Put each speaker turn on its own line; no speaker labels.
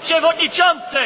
przewodniczący!